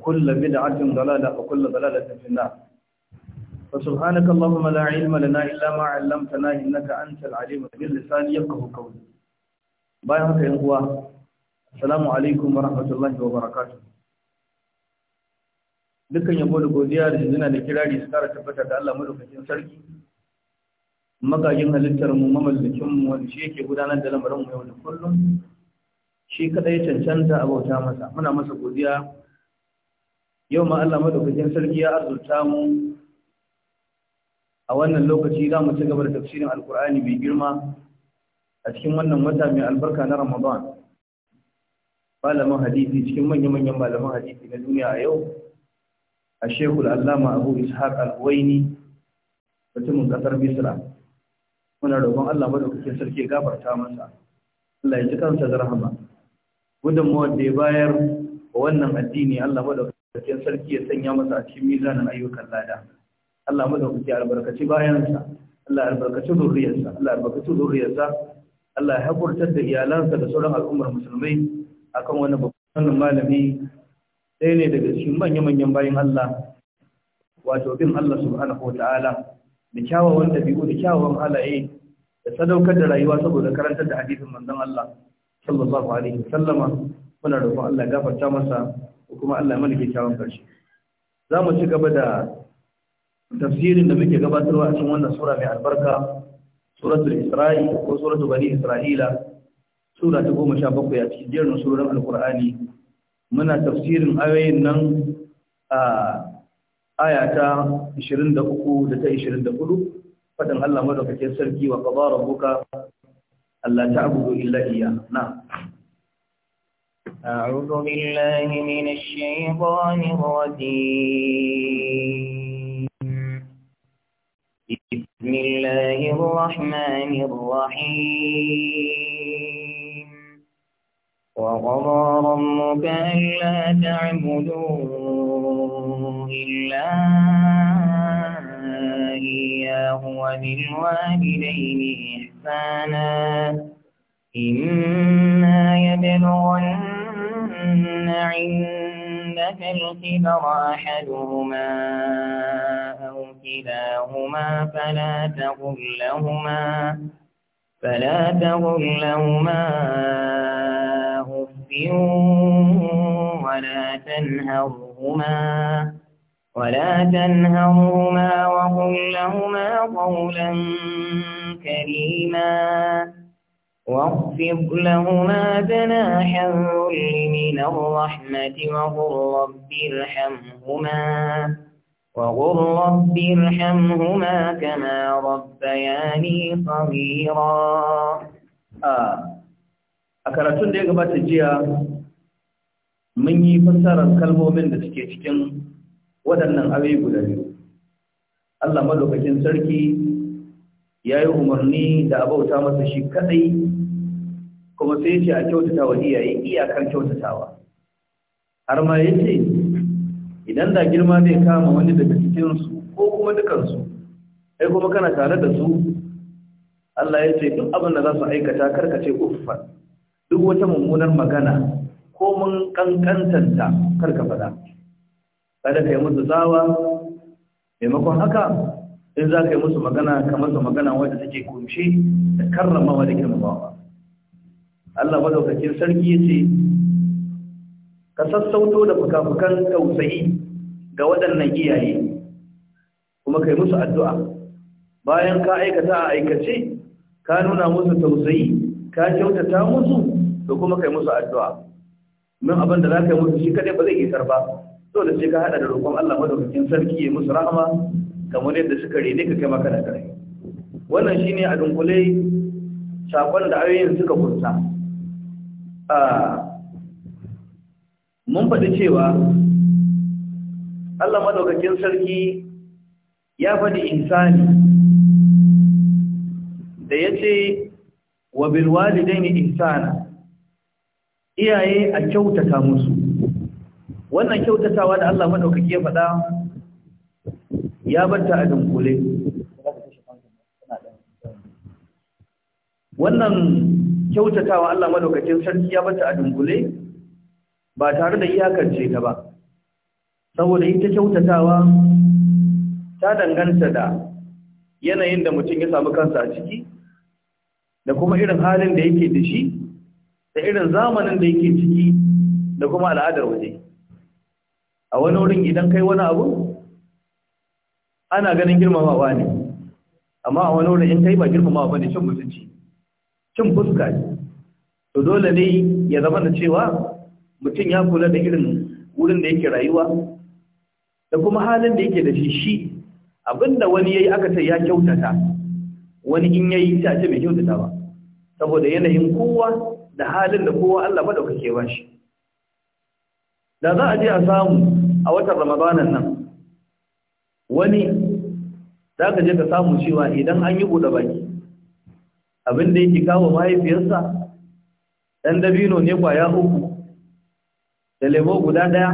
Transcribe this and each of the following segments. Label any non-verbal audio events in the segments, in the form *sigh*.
وكل بدعة ضلالة وكل ضلالة في النار فسبحانك اللهم لا علم لنا إلا ما علمتنا إنك أنت العليم باللسان يفقه قولي باي هكا هو السلام عليكم ورحمة الله وبركاته dukkan yabo da godiya da zina da kirari su kara tabbata da Allah madaukakin sarki magajin halittar mu mamallakin mu wanda shi yake gudanar da lamarin mu yau da kullum shi kadai cancanta bauta masa muna masa godiya yau ma Allah madaukakin sarki ya azurta mu a wannan lokaci za mu ci gaba da tafsirin alkur'ani mai girma a cikin wannan wata mai albarka na ramadan Malamin hadisi cikin manya-manyan malaman hadisi na duniya a yau a shekul allama abu ishaq al-huwaini mutumin kasar misra muna roƙon allah madaukakin sarki gabarta masa allah ya ji kansa da rahama gudunmawar da ya bayar wannan addini allah madaukakin sarkin sarki ya sanya masa a cikin mizanin ayyukan lada Allah madaukaki albarkaci bayansa Allah albarkaci zuriyarsa Allah albarkaci zuriyarsa Allah ya hakurtar da iyalansa da sauran al'ummar musulmai akan wani babban malami ɗaya ne daga cikin manya-manyan bayan Allah wato bin Allah subhanahu wa ta'ala da kyawawan dabi'u da kyawawan halaye da sadaukar da rayuwa saboda karantar da hadisin manzon Allah sallallahu alaihi wasallama muna roƙon Allah gafarta masa kuma Allah mana kyakkyawan karshe za mu ci gaba da tafsirin da muke gabatarwa a cikin wannan sura mai albarka suratul isra'i ko suratul bani isra'ila sura ta goma sha bakwai a cikin jerin surorin alkur'ani muna tafsirin ayoyin nan a aya ta 23 da ta 24 fadin Allah madaukakin sarki wa qadara rabbuka alla ta'budu illa iya. na'am أعوذ بالله من الشيطان الرجيم بسم الله الرحمن الرحيم وقضى ربك ألا تعبدوا إلا إياه وبالوالدين إحسانا إما يبلغن عندك الكبر أحدهما أو كلاهما فلا تقل لهما فلا تقل لهما أف ولا تنهرهما ولا تنهرهما وقل لهما قولا كريما واخفض لهما جناح الذل من الرحمة وقل رب ارحمهما وقل رب ارحمهما كما ربياني صغيرا a karatun da ya gabata jiya mun yi fassarar kalmomin da suke cikin waɗannan ayoyi guda biyu Allah madaukakin sarki ya yi umarni da abauta masa shi kadai kuma sai ce a kyautata wa iyaye iyakar kyautatawa har ma ya ce idan da girma zai kama wani daga cikinsu ko kuma dukansu ai kuma kana tare da su Allah ya ce duk abin da za su aikata karkace uffa duk wata mummunar magana ko mun kankantanta karka faɗa kada ka yi musu zawa. maimakon haka in za ka yi musu magana ka masa magana wadda take kunshi da karramawa da girmamawa Allah madaukakin sarki ya ce ka sassauto da fukafukan tausayi ga waɗannan iyaye kuma kai musu addu'a bayan ka aikata a aikace ka nuna musu tausayi ka kyautata musu da kuma kai musu addu'a min abin da za ka yi musu shi kaɗai ba zai isar ba dole ce ka haɗa da roƙon Allah madaukakin sarki ya musu rahama kamar yadda suka rene ka kai maka da kare wannan shine a dunkule sakon da ayoyin suka kunsa mun faɗi cewa Allah madaukakin sarki ya faɗi insani da ya ce wa bilwalidaini insana iyaye a kyautata musu wannan kyautatawa da Allah madaukake ya faɗa ya barta a dunkule wannan kyautatawa Allah madaukakin sarki ya barta a dunkule ba tare da iyakance ta ba saboda ita kyautatawa ta danganta da yanayin da mutum ya samu kansa a ciki da kuma irin halin da yake da shi da irin zamanin da yake ciki da kuma al'adar waje a wani wurin idan kai wani abu ana ganin girmamawa ne amma a wani wurin in kai ba girmamawa bane cin mutunci cin fuska ne to dole ne ya zama da cewa mutum ya kula da irin wurin da yake rayuwa da kuma halin da yake da shi shi abinda wani yayi aka ce ya kyautata wani in yayi ta ce bai kyautata ba saboda yanayin kowa da halin da kowa Allah madaukake ba shi da za a je a samu a watan ramadanan nan wani za ka je ka samu cewa idan an yi buɗe baki abin da yake kawo mahaifiyarsa ɗan dabino ne kwaya uku da lemo guda ɗaya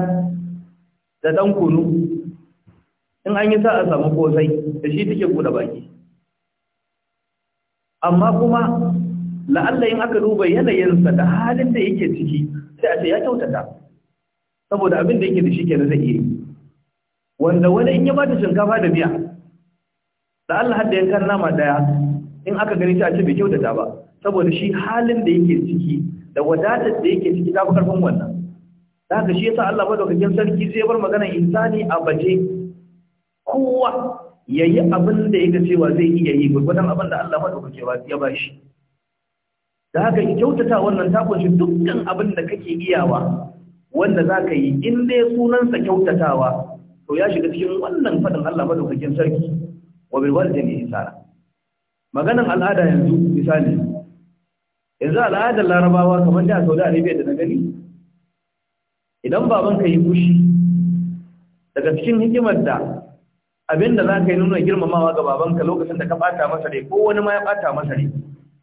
da ɗan kunu in an yi sa a samu kosai da shi take buɗe baki amma kuma la'alla in aka duba yanayinsa da halin da yake ciki sai a ce ya kyautata saboda abin da yake da shi kenan zai iya wanda wani in ya ba shinkafa da biya da Allah hadda yankan nama daya in aka gani ta ce bai kyautata ba saboda shi halin da yake ciki da wadatar da yake ciki ta fi karfin wannan da haka shi yasa Allah madaukakin sarki sai bar maganar insani a baje kowa yayi abin da ya cewa zai iya yi gwagwadon abin da Allah madaukake ya ba shi da haka kyautata wannan ta kunshi dukkan abin da kake iyawa wanda za ka yi in dai sunansa kyautatawa to ya shiga cikin wannan fadin Allah madaukakin sarki wa bil walidayni ihsana maganan al'ada yanzu misali yanzu al'adar larabawa kamar da Saudi Arabia da na gani idan babanka yi fushi daga cikin hikimar da abinda za ka yi nuna girmamawa ga babanka lokacin da ka bata masa rai ko wani ma ya bata masa rai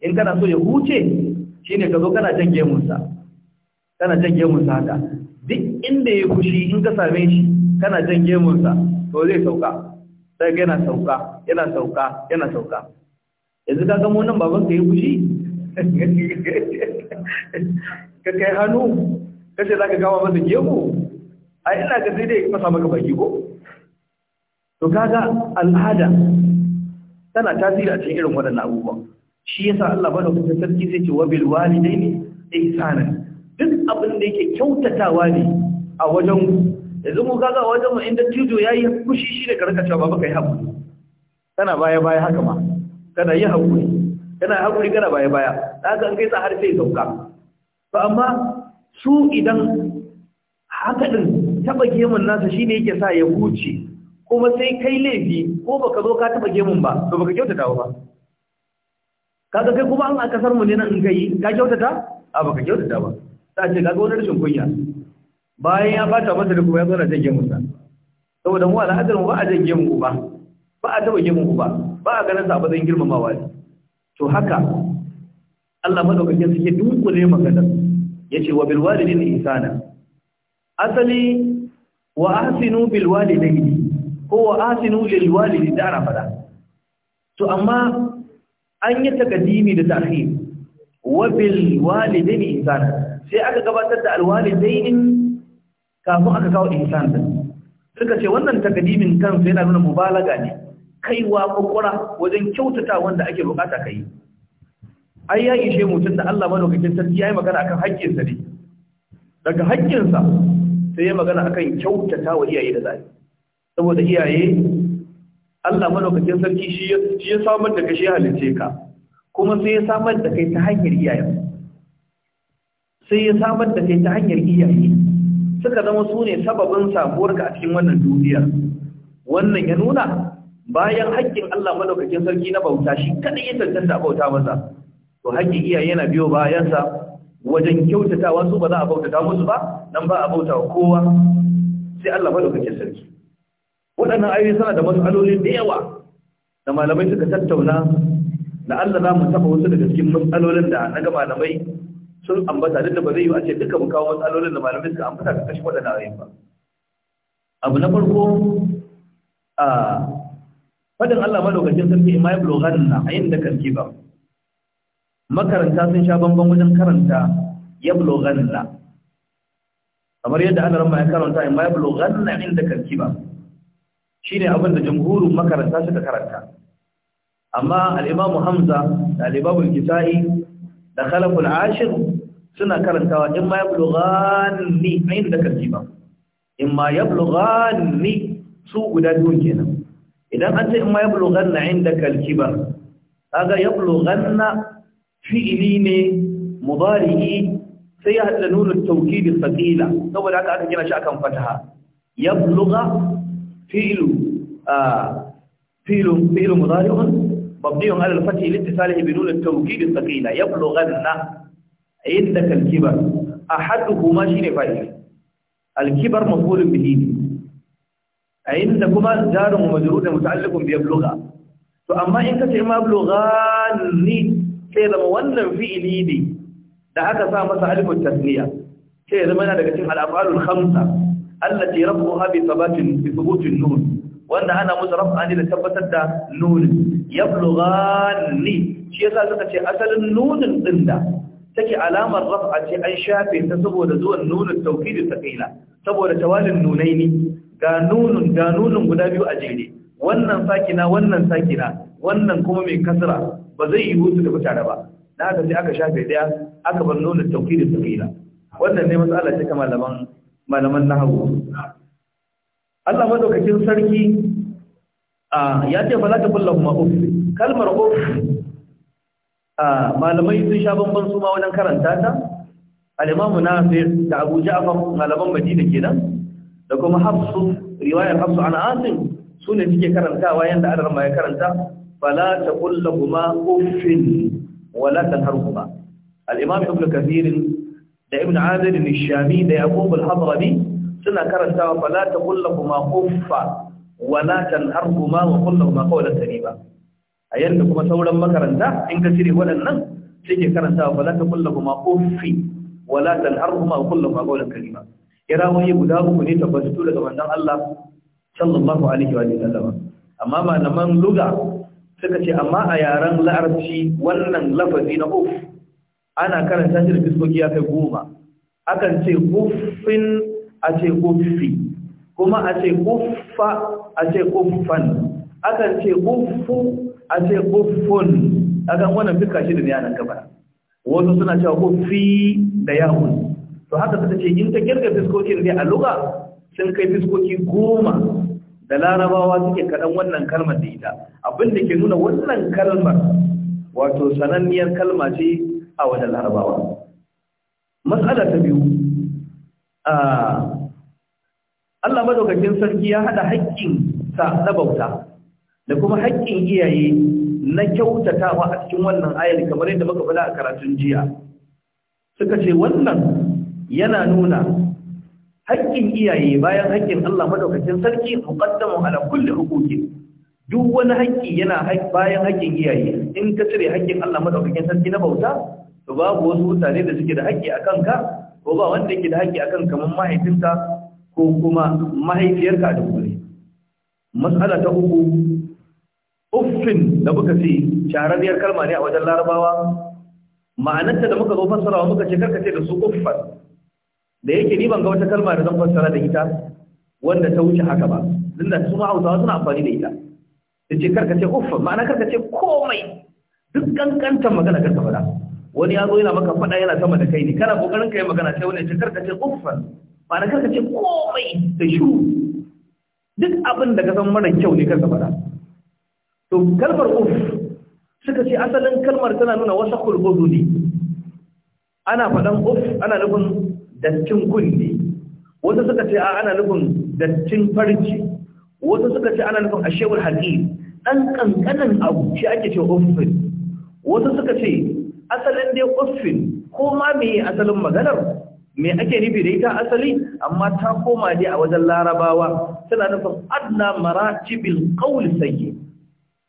in kana so ya huce shine ka zo kana jan sa kana mun sa haka duk inda ya kushi in ka same shi kana jan gemunsa to zai sauka sai ga yana sauka yana sauka yana sauka yanzu ka gamo nan baban ka yi fushi ka kai hannu kashe za ka gawa masa gemu a ina ka sai dai masa maka baki ko to kaga al'ada tana tasiri a cikin irin waɗannan abubuwan shi yasa Allah da kusa sarki sai ce wa bil walidaini ihsanan duk abin da yake kyautatawa ne a wajen yanzu mu kaga wajen mu inda tijo yayi kushi shi da karka cewa baba kai hakuri kana baya baya haka ma kana yi hakuri kana hakuri kana baya baya haka an kai sa har sai sauka to amma su idan haka din taba gemun nasa shine yake sa ya huce kuma sai kai laifi ko baka zo ka taba gemun ba to baka kyautata ba kaga kai kuma an a kasar mu ne nan in kai ka kyautata a baka kyautata ba ta ce kaga wani rashin kunya bayan ya bata masa da kuma ya zo na musa saboda mu al'adar mu ba a jage mu ba ba a taba gemu ba ba a ganin sa bazan girmamawa ne to haka Allah madaukakin suke dunkule magana yace wa bil walidin ihsana asali wa ahsinu bil walidaini ko wa ahsinu lil walidi da ana fada to amma an yi takadimi da ta'khir wa bil walidaini ihsana sai aka gabatar da al kafin aka kawo ihsan din suka ce wannan takadimin kansa yana nuna mubalaga ne kaiwa kwakwara wajen kyautata wanda ake bukata kai ai ya ishe mutum da Allah madaukakin sarki yayi magana akan haƙƙinsa ne daga haƙƙinsa sai ya magana akan kyautata wa iyaye da zai saboda iyaye Allah madaukakin sarki shi ya shi ya samar da kashi halice ka kuma sai ya samar da kai ta hanyar iyaye sai ya samar da kai ta hanyar iyaye suka zama su ne sababin samuwarka a cikin wannan duniya wannan ya nuna bayan hakkin Allah madaukakin sarki na bauta shi kadai ya tantance bauta masa to haƙƙin iyaye yana biyo bayansa wajen kyautatawa su ba za a bautata musu ba nan ba a bauta wa kowa sai Allah madaukakin sarki waɗannan ayoyi suna da matsaloli da yawa da malamai suka tattauna da Allah za mu taɓa wasu daga cikin matsalolin da na ga malamai sun ambata duk da ba zai yi a ce duka mu kawo matsalolin da malamai suka ambata ka kashe waɗanda a ba abu na farko a fadin Allah lokacin sarki ma ya blogan na a yin da karki ba makaranta sun sha bamban wajen karanta ya blogan na kamar yadda ana ramma ya karanta ma ya blogan na da karki ba ne abin da jamhurin makaranta suka karanta amma Alimamu Hamza da Alibabu kisai da Khalaf al-Ashir suna karantawa in ma yablughani ayin da kalji ba in ma yablughani su guda biyun kenan idan an ce in ma yablughanna inda kalji kibar kaga yablughanna fi'ili ne mudari sai ya hada nunut tawkid thaqila saboda haka aka kira shi akan fataha yablugha fi'lu fi'lu fi'lu mudari'un mabni'un 'ala al-fath li ittisalihi bi nun at-tawkid thaqila yablughanna inda kalkibar ahaduhuma shine fa'il alkibar maf'ulun bihi ne inda kuma jarun majrur da muta'alliqun bi yablugha to amma in ce ma ni sai zama wannan fi'ili ne da aka sa masa alifun tasniya sai zama yana daga cikin al-af'alul khamsa allati rabbuha bi thabatin bi nun wanda ana musu raf'a ne da tabbatar da nun ni shi yasa suka ce asalin nunin din da take alamar raf'a ce an shafe ta saboda zuwan nunun tawkid sakaina, saboda tawalin nunaini ga nunun ga nunun guda biyu a jere wannan sakina wannan sakina wannan kuma mai kasra ba zai yi hutu da mutane ba na haka sai aka shafe daya aka bar nunun tawkid sakaina. wannan ne matsala ce kamar malaman malaman nahawu Allah madaukakin sarki ya ce fa za ta kullahu kuma kalmar uf malamai sun sha bamban su ma wajen karanta ta al-imamu nasir da abu ja'far malaman madina kenan da kuma hafsu riwayar hafsu an asim su ne suke karantawa yanda adar ma ya karanta fala taqul lahumā uffin wala tanharhumā al-imam ibn kathir da ibn adil al da yaqub al-hadrami suna karantawa fala taqul lahumā uffa wala tanharhumā wa qul lahumā qawlan karīma a yadda kuma sauran makaranta in ka cire waɗannan sai ke karanta ba za ka kulla kuma ofi wala talhar kuma a kulla kuma kaulan kalima wani guda uku ne tabbatattu daga wannan Allah sallallahu alaihi wa sallam amma malaman luga suka ce amma a yaren larabci wannan lafazi na uf ana karanta shi da fiskoki ya kai goma akan ce uffin a ce uffi kuma a ce uffa a ce uffan akan ce uffu A ce uffun kaga wannan fika shi da ne gaba wasu suna cewa uffi da yawun to haka ta ce in ta kirga fiskokin ne a lugha sun kai fiskoki goma da larabawa suke kaɗan wannan kalmar da ita abin da ke nuna wannan kalmar wato sananniyar kalma ce a wajen larabawa matsala ta biyu Allah madaukakin sarki ya haɗa haƙƙin sa na bauta da kuma haƙƙin iyaye na kyautatawa a cikin wannan ayar kamar yadda muka faɗa a karatun jiya suka ce wannan yana nuna haƙƙin iyaye bayan haƙƙin Allah madaukakin sarki muqaddamu ala kulli huquqi duk wani haƙƙi yana bayan haƙƙin iyaye in ka cire haƙƙin Allah madaukakin sarki na bauta to babu wasu mutane da suke da haƙƙi akan ka ko ba wanda yake da haƙƙi akan kamar mahaifinka ko kuma mahaifiyarka da gobe mas'ala ta uku uffin da muka fi shahararriyar kalma ne a wajen larabawa ma'anarta da muka zo fassara wa muka ce karkace da su uffar da yake ni ban ga wata kalma da zan fassara da ita wanda ta wuce haka ba din da su hausawa suna amfani da ita ta ce karkace uffar ma'ana karkace komai duk kankantar magana karka faɗa wani ya zo yana maka faɗa yana sama da kai ne kana kokarin ka yi magana sai wani ya ce karkace uffar ma'ana karkace komai da shiru duk abin da ka san mara kyau ne karka faɗa to kalmar uf suka ce asalin kalmar tana nuna wasa ne. ana faɗan uf ana nufin dattin kunne wasu suka ce ana nufin dattin farji wasu suka ce ana nufin ashewar haƙi ɗan ƙanƙanin abu shi ake ce uffin wasu suka ce asalin dai uffin ko ma me asalin maganar me ake nufi da ita asali amma ta koma dai a wajen larabawa suna nufin adna maratibil qawl sayyi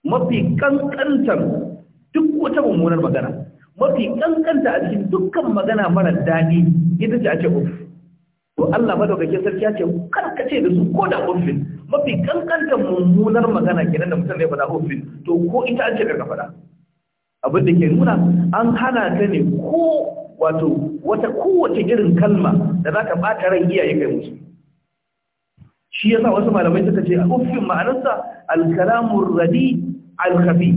mafi kankantar duk wata mummunar magana mafi kankanta a cikin dukkan magana mara daɗi ita ce a ce uf to Allah madaukakin sarki ya ce karkace da su ko da uf mafi kankantar mummunar magana kenan da mutum zai faɗa uf to ko ita an ce karka faɗa abin da ke nuna an hana ta ne ko wato wata kowace irin kalma da za ta ɓata ran iyaye kai musu shi yasa wasu malamai suka ce a ofin ma'anarsa alkalamun radi alkhafi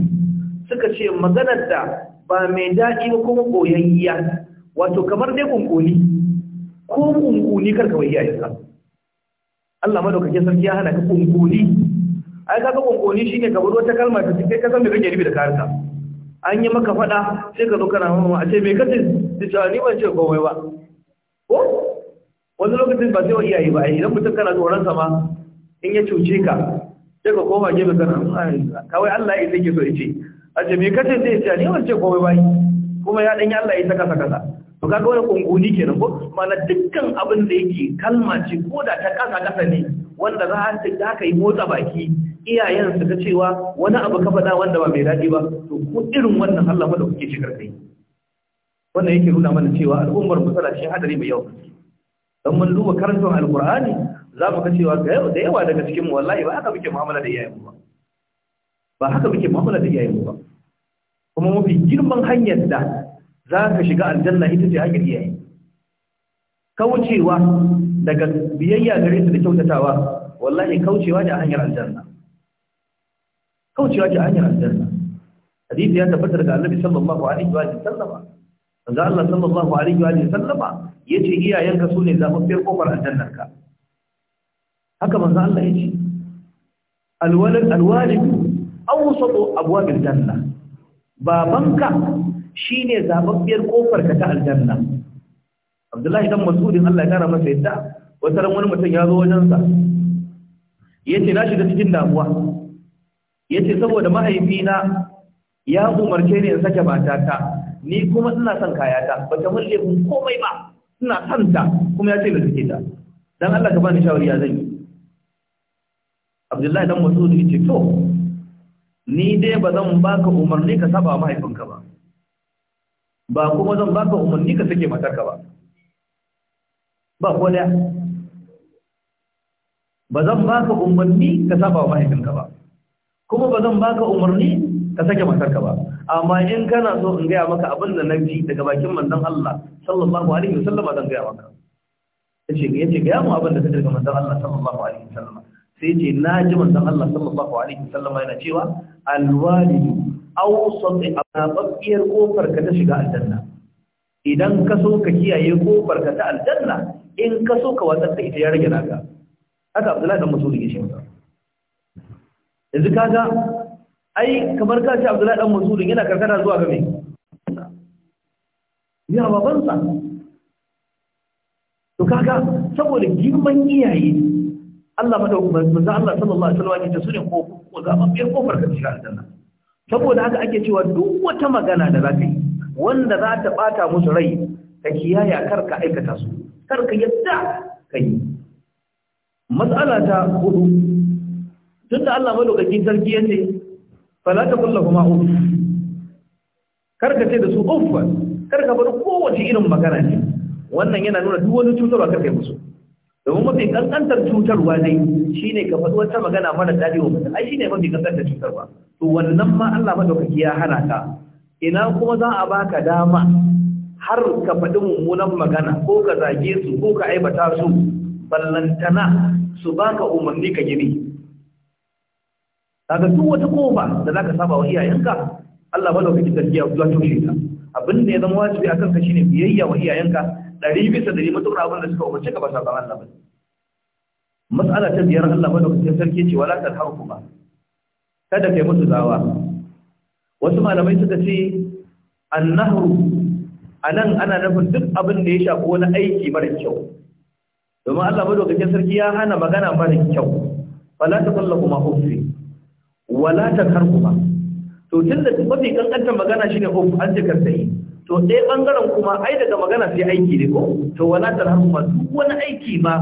suka ce maganar da ba mai daɗi ba kuma koyayya wato kamar dai kunkuni ko kunkuni karka wai yayin isa. Allah madaukakin sarki ya hana ka kunkuni ai kaga kunkuni shine kamar wata kalma ta ka san me kake rubi da karka an yi maka fada sai ka zo kana mama a ce me kace da ni ban ce komai ba ko wani lokacin ba zai wa iyaye ba idan mutum kana tsoron sama in ya cuce ka sai ka koma gefe kana kawai Allah ya take so yace a ce me kace sai ya ce ni wance komai bai kuma ya dan Allah ya saka saka sa to kaga wani kunguni kenan ko mana dukkan abin da yake kalma ce ko da ta kasa kasa ne wanda za ta ka yi motsa baki iyayen su ta cewa wani abu ka faɗa wanda ba mai daɗi ba to ko irin wannan Allah ma da kuke shigar kai wannan yake nuna mana cewa al'ummar musala tana cikin hadari mai yawa don mun duba karantar alkur'ani za mu ga cewa da yawa daga cikin wallahi ba haka muke mu'amala da iyayenmu ba ba haka muke mu'amala da iyayenmu ba kuma mafi girman hanyar da za ka shiga aljanna ita ce hanyar iyaye kaucewa daga biyayya gare su da kyautatawa wallahi kaucewa ne a hanyar aljanna kaucewa ce a hanyar aljanna hadisi ya tabbatar ga annabi sallallahu alaihi wa sallama manzo Allah sallallahu alaihi wa sallama yace iyayenka su ne zafaffiyar kofar aljannarka haka manzan Allah ya yace alwalad alwalid awsatu abwabil janna babanka shine ne kofar ka ta aljanna Abdullahi dan Mas'udin Allah ya kara masa yadda wata ran wani mutum ya zo wajen sa yace na shiga cikin damuwa yace saboda mahaifina ya umarce ni in sake matata ni kuma ina son kayata bata mun laifin komai ba suna santa kuma ya ce da suke ta dan Allah ka bani shawari ya zan yi Abdullahi dan Mas'ud yace to ni dai ba zan baka umarni ka saba mahaifinka ba ba kuma zan baka umarni ka sake matarka ba ba ko da ba zan baka umarni ka saba mahaifinka ba kuma ba zan baka umarni ka sake matarka ba amma in kana so in gaya maka abin da nabi daga bakin manzon Allah sallallahu alaihi wasallam zan gaya maka yace yace gaya mu abin da ka daga manzon Allah sallallahu alaihi wasallam sai yace na ji manzon Allah sallallahu alaihi wasallam yana cewa alwalidu awsat ababbiyar kofar ka ta shiga aljanna idan ka so ka kiyaye kofar ka ta aljanna in ka so ka watsar da ita ya rage naka haka Abdullahi dan Mas'ud yake cewa yanzu kaga ai kamar ka Abdullahi dan Mas'ud yana karkata zuwa ga me ya babansa to kaga saboda girman iyaye Allah madaukakin manzo Allah sallallahu alaihi wasallam ya sune ko ko zaman bai kofar ka shiga aljanna saboda haka ake cewa duk wata magana da zaka yi wanda za ta bata musu rai ka kiyaye kar ka aikata su kar ka yadda kai mas'ala ta hudu tunda Allah madaukakin sarki yace fala ta kullahu ma'uf kar ka ce da su uffa kar ka bar kowace irin magana ne. wannan yana nuna duk wani cutarwa kar kai musu domin mafi kankantar cutarwa dai shine ka faɗi wata magana mara daɗi wa mutum ai shine mafi kankantar cutarwa to wannan ma Allah madaukaki ya hana ka ina kuma za a baka dama har ka faɗi mummunan magana ko ka zage su ko ka aibata su ballantana su baka umarni ka gini kaga duk wata kofa da zaka ka saba wa iyayenka Allah madaukaki lokaci gaskiya zuwa tushe ta abin da ya zama wajibi a kanka shine biyayya wa iyayenka ɗari bisa ɗari matuƙar abin da suka umarci ka ba sa Allah ba mas'ala ta biyar Allah ba da kusa sarki ce wala ta harfu kuma. kada kai musu zawa wasu malamai suka ce annahru nan ana nufin duk abin da ya shafi wani aiki mara kyau domin Allah madaukakin sarki ya hana magana mara kyau wala ta kulla kuma hufi wala ta kuma. to tun da mafi kankantar magana ne hope an ce kan sai to ɗaya ɓangaren kuma ai daga magana sai aiki ne ko to wala ta rahama duk wani aiki ma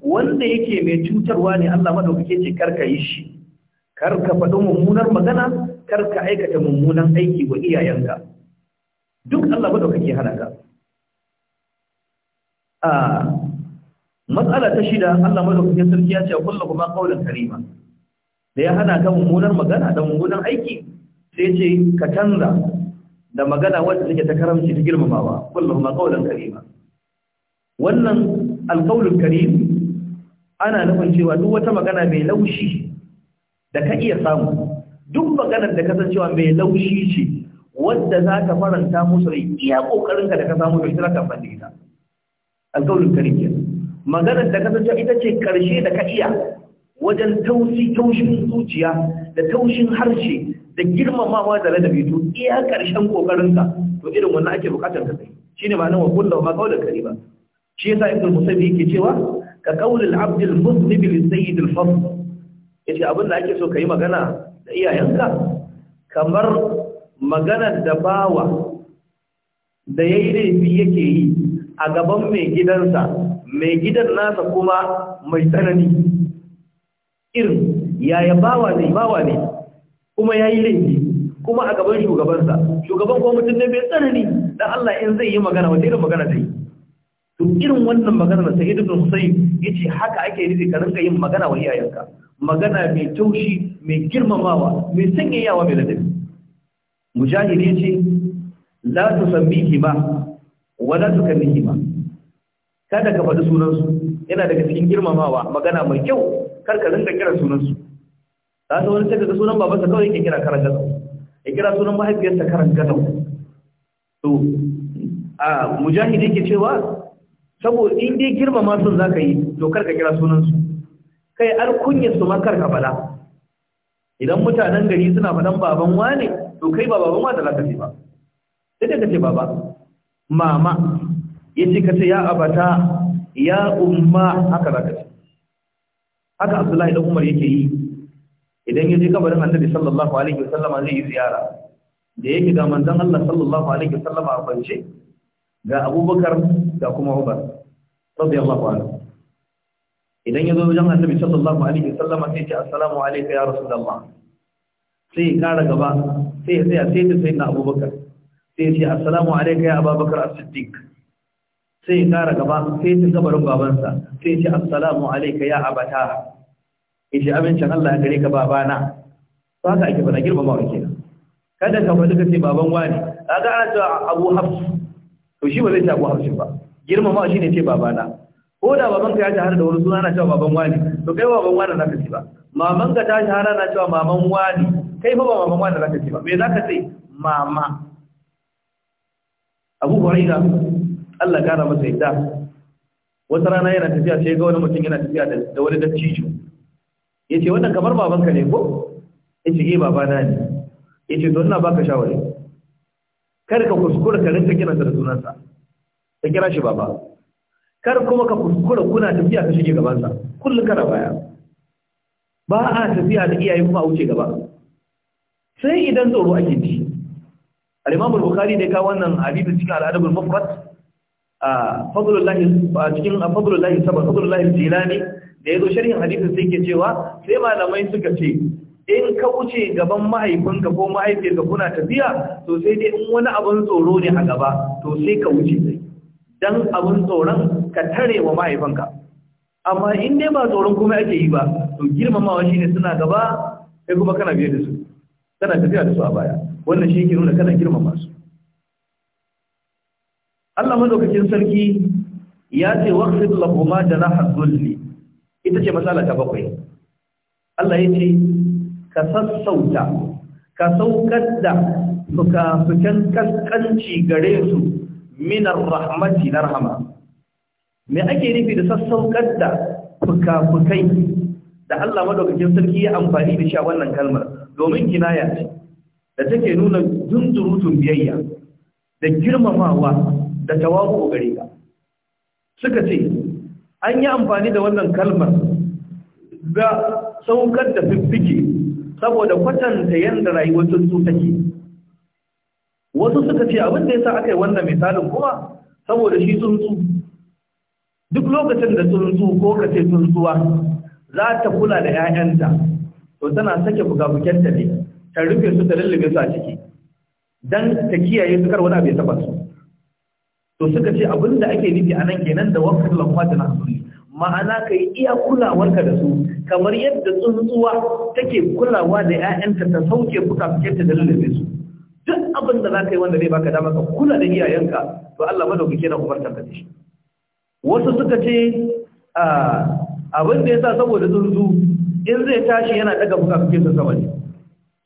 wanda yake mai cutarwa ne Allah madaukake ce karka yi shi karka faɗi mummunar magana karka aikata mummunan aiki wa iyayenka duk Allah madaukake hana ka a matsala ta shida Allah madaukake sarki ya ce kullu kuma qaulan karima da ya hana ka mummunar magana da mummunan aiki sai ce ka canza da magana wadda take ta karamci ta girmamawa kullum ma kaulan karima wannan alkaulun karim ana nufin cewa duk wata magana mai laushi da ka iya samu duk maganar da kasancewa mai laushi ce wadda za ka faranta musu rai iya kokarinka da ka samu da ita ka fadi ita alkaulun karim kenan maganar da kasancewa ita ce karshe da ka iya wajen tausi taushin zuciya da taushin harshe da girmamawa da ladabi to iya karshen kokarinka to irin wannan ake bukatar ka sai shine ma'anar wa kullu ma kari kariba shi yasa ibnu musabbi yake cewa ka qawlul abd al muslib sayyid al fadl yace abin ake so kai magana da iyayenka kamar magana da bawa da yayi laifi yake yi a gaban mai gidansa mai gidan nasa kuma mai tsanani irin yaya bawa ne bawa ne kuma ya yi laifi kuma a gaban shugabansa shugaban kuma mutum ne mai tsanani dan Allah in zai yi magana wata irin magana zai to irin wannan magana da sai ibn ya yace haka ake nufi ka rinka yin magana wa iyayenka magana mai taushi mai girmamawa mai sanyayawa mai ladabi mujahid yace la sabbihi ba wala kallihi ba kada ka faɗi sunansu yana daga cikin girmamawa magana mai kyau kar ka rinka kira sunansu ka ga wani sai ka sunan babansa kawai yake kira karan gadau ya kira sunan mahaifiyarsa karan gadau to a mujahid yake cewa saboda in dai girmama sun zaka yi to karka kira sunansu kai kunya su ma karka fada idan mutanen gari suna fadan baban wane to kai ba baban wane zaka ce ba sai da kace baba mama yace kace ya abata ya umma haka zaka ce haka Abdullahi da Umar yake yi idan ya je kabarin annabi sallallahu alaihi wasallama zai yi ziyara da yake ga manzon Allah sallallahu alaihi wasallama a kwance ga Abubakar da kuma Umar radiyallahu anhu idan ya zo wajen annabi sallallahu alaihi wasallama sai ya ce assalamu alayka ya rasulullah sai kara gaba sai sai sai sai na Abubakar sai ya ce assalamu alayka ya Abubakar as-Siddiq sai kara gaba sai ya ce kabarin babansa sai ya ce assalamu alayka ya abata ishe amincin Allah ya gare ka babana ba haka ake faɗa girma mawa ke kada ka faɗi ka ce baban wani A ga ana cewa Abu Hafs to shi ba zai ce Abu Hafs ba mawa shi ne ce babana ko da baban ka ya shahara da wani suna ana cewa baban wani to kai baban wani na ka ce ba maman ka ta shahara na cewa maman wani kai fa ba maman wani na ka ce ba me za ka ce mama Abu Hurairah Allah kara masa yadda wata rana yana tafiya sai ga wani mutum yana tafiya da wani dattijo ya ce wannan kamar babanka ne ko ya ce eh babana ne ya ce to ina baka shawari kar ka kuskura ka rinka kira da sunansa ka kira shi baba kar kuma ka kuskura kuna tafiya ka shige gabansa kullum kana baya ba a tafiya da iyaye kuma a wuce gaba sai idan tsoro ake ji al-imam al-bukhari ne ka wannan hadisi cikin al-adab al-mufrad a fadlullahi cikin fadlullahi jilani da zo sharhin hadisin sai ke cewa sai malamai suka ce in ka wuce gaban mahaifinka ko mahaifiyarka kuna tafiya to sai dai in wani abun tsoro ne a gaba to sai ka wuce sai dan abin tsoron ka tare wa mahaifinka amma in dai ba tsoron kuma ake yi ba to girmamawa shine suna gaba sai kuma kana biye da su kana tafiya da su a baya wannan shi yake nuna kana girmama su Allah madaukakin sarki ya ce waqfid lahumma janaha dhulli ita ce masala ta bakwai Allah ya ce ka sassauta ka saukar da fukafukan kaskanci gare su minar rahmati na rahama me ake nufi da sassaukar da fukafukai da Allah madaukakin sarki ya amfani da shi wannan kalmar domin kinaya ce da take nuna junjurutun biyayya da girmamawa da tawabu gare ka suka ce an yi amfani da wannan kalmar ga saukar da fiffike saboda kwatanta yadda rayuwar su take wasu suka ce abin da yasa aka yi wannan misalin kuma saboda shi tsuntsu duk lokacin da tsuntsu ko ka ce tsuntsuwa za ta kula da 'ya'yanta to tana sake bugabugenta ne ta rufe su ta lullube su a ciki don ta kiyaye su kar wani abu ya taba su to suka ce abin ake nufi a nan kenan da wakar lamuwa da nasuri ma'ana ka yi iya kulawarka da su kamar yadda tsuntsuwa take kulawa da 'ya'yanta ta sauke fuka-fukenta da lullube su duk abin da za ka yi wanda zai baka dama ka kula da iyayenka to Allah madaukake na umarta ka shi wasu suka ce abin da ya sa saboda tsuntsu in zai tashi yana daga fuka-fukensa sama ne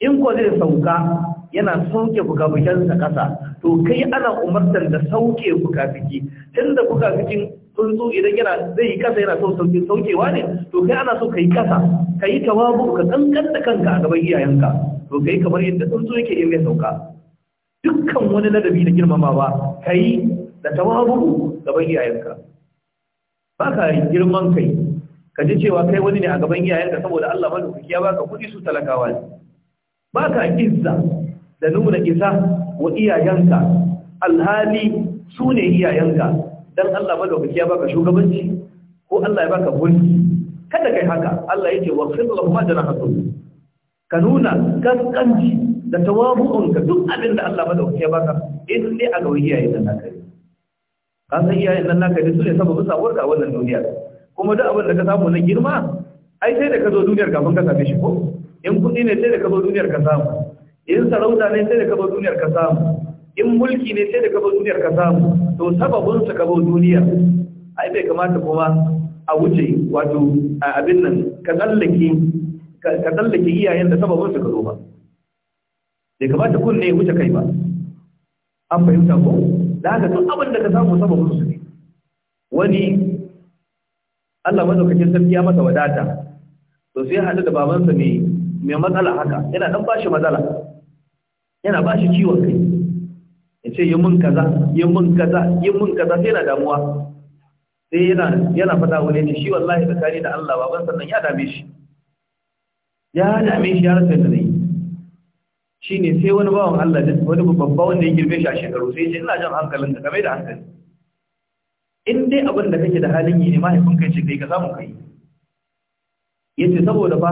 in ko zai sauka yana sauke fukafukensa ƙasa to kai ana umartar da sauke fukafiki tunda fukafikin tsuntsu idan yana zai kasa yana son sauke saukewa ne to kai ana so kai kasa kai tawabu ka kankan da kanka a gaban iyayenka to kai kamar yadda tsuntsu yake yin ya sauka dukkan wani ladabi da girmamawa kai da tawabu gaban iyayenka ba ka yi girman kai ka ji cewa kai wani ne a gaban iyayenka saboda Allah madaukaki ya baka kuɗi su talakawa ne ba ka izza da nuna isa wa iyayenka alhali su ne iyayenka don Allah madaukaki ya baka shugabanci ko Allah ya baka mulki kada kai haka Allah yake wa khidla kuma da rahatu ka nuna kaskanci da tawabu'un ka duk abin da Allah madaukaki ya baka in ne a ga iyayen nan naka ka san iyayen nan naka ne su ne sababin sabuwar wannan duniya kuma duk abin da ka samu na girma ai sai da ka zo duniyar kafin ka same shi ko in kuɗi ne sai da ka zo duniyar ka samu in sarauta ne sai da kaba duniyar ka samu in mulki ne sai da kaba duniyar ka samu to sababin su kaba duniya, ai bai kamata kuma a wuce wato abin nan ka tsallake ka tsallake iyayen da sababin su ka zo ba bai kamata kun ne wuce kai ba an fahimta ko da haka duk abin da ka samu sababin su ne wani Allah madaukakin sarki ya masa wadata to sai hada da babansa ne mai matsala haka yana dan bashi matsala yana ba shi ciwon kai ya ce yi mun kaza yi mun kaza yi mun kaza sai na damuwa sai yana yana fada wani ce shi wallahi da kare da Allah ban sannan ya dame shi ya dame shi ya rasa da zai shi ne sai wani bawan Allah da wani babba wanda ya girbe shi a shekaru sai ce ina jan hankalin da kamar da hankali in dai abin da kake da halin yi ne mahaifin kai ce kai ka samu kai yace saboda fa